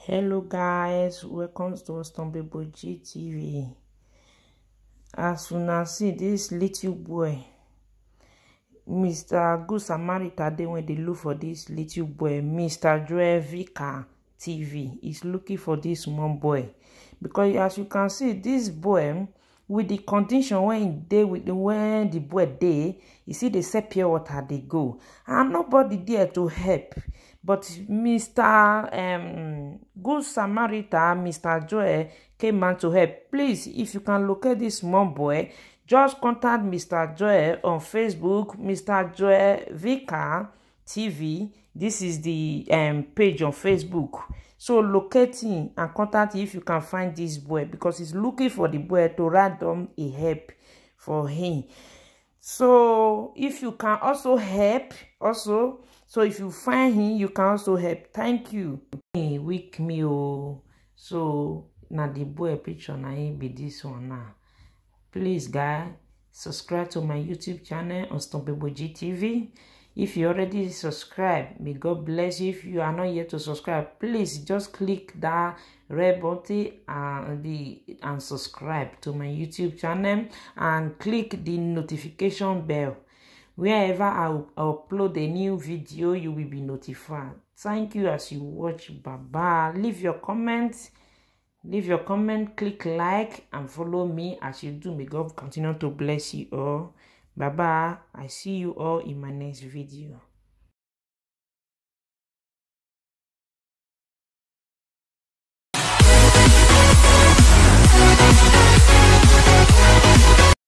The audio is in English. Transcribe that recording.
hello guys welcome to Stone Bebo TV. as now see this little boy mr good samaritan dey when they look for this little boy mr joel vika tv is looking for this small boy because as you can see this boy with the condition when they with when the boy dey you see they sell pure water they go and nobody there to help but mr um, good samaritan mr Joy, came out to help please if you can locate this small boy just contact mr Joy on facebook mr Joy vicar TV. This is the um, page on Facebook. So locating and contact if you can find this boy because he's looking for the boy to random a help for him. So if you can also help also. So if you find him, you can also help. Thank you. Hey, weak me oh. So na the boy picture na him be this one now. Please guy, subscribe to my YouTube channel, Unstoppable GTV if you already subscribe may god bless you if you are not yet to subscribe please just click that red button and the and subscribe to my youtube channel and click the notification bell wherever i upload a new video you will be notified thank you as you watch baba leave your comment leave your comment click like and follow me as you do may god continue to bless you all Bye bye. I see you all in my next video.